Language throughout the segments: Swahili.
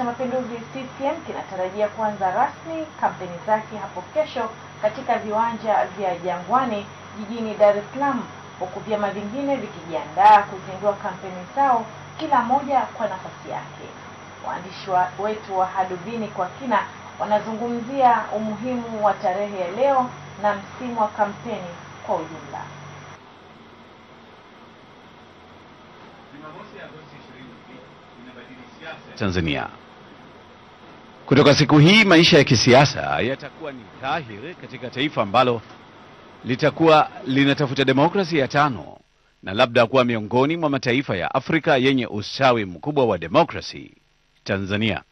Chama Mapinduzi CCM kinatarajia kuanza rasmi kampeni zake hapo kesho katika viwanja vya Jangwani jijini Dar es Salaam, huku vyama vingine vikijiandaa kuzindua kampeni zao kila moja kwa nafasi yake. Waandishi wetu wa Hadubini kwa kina wanazungumzia umuhimu wa tarehe ya leo na msimu wa kampeni kwa ujumla. Tanzania kutoka siku hii maisha ya kisiasa yatakuwa ni dhahiri katika taifa ambalo litakuwa linatafuta demokrasi ya tano na labda kuwa miongoni mwa mataifa ya Afrika yenye ustawi mkubwa wa demokrasi. Tanzania,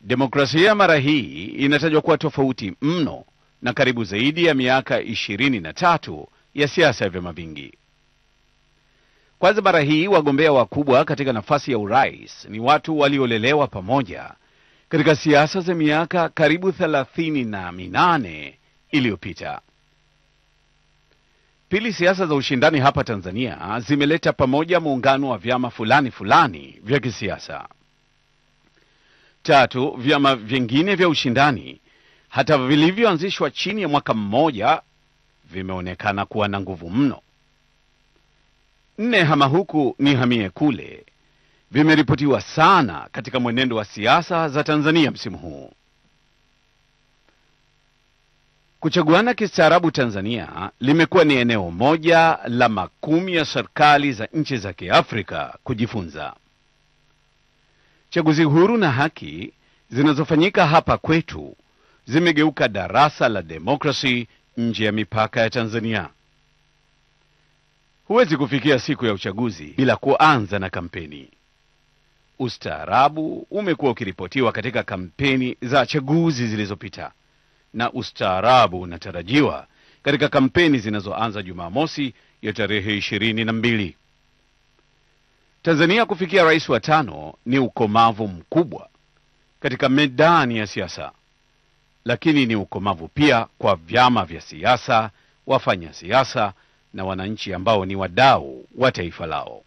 demokrasia mara hii inatajwa kuwa tofauti mno na karibu zaidi ya miaka ishirini na tatu ya siasa ya vyama vingi. Kwanza, mara hii wagombea wakubwa katika nafasi ya urais ni watu waliolelewa pamoja katika siasa za miaka karibu thelathini na minane iliyopita. Pili, siasa za ushindani hapa Tanzania zimeleta pamoja muungano wa vyama fulani fulani vya kisiasa. Tatu, vyama vingine vya ushindani hata vilivyoanzishwa chini ya mwaka mmoja vimeonekana kuwa na nguvu mno nne hama huku ni hamie kule vimeripotiwa sana katika mwenendo wa siasa za Tanzania msimu huu. Kuchaguana kistaarabu Tanzania limekuwa ni eneo moja la makumi ya serikali za nchi za Kiafrika kujifunza. Chaguzi huru na haki zinazofanyika hapa kwetu zimegeuka darasa la demokrasi nje ya mipaka ya Tanzania. Huwezi kufikia siku ya uchaguzi bila kuanza na kampeni. Ustaarabu umekuwa ukiripotiwa katika kampeni za chaguzi zilizopita, na ustaarabu unatarajiwa katika kampeni zinazoanza Jumamosi ya tarehe ishirini na mbili. Tanzania kufikia rais wa tano ni ukomavu mkubwa katika medani ya siasa, lakini ni ukomavu pia kwa vyama vya siasa, wafanya siasa na wananchi ambao ni wadau wa taifa lao.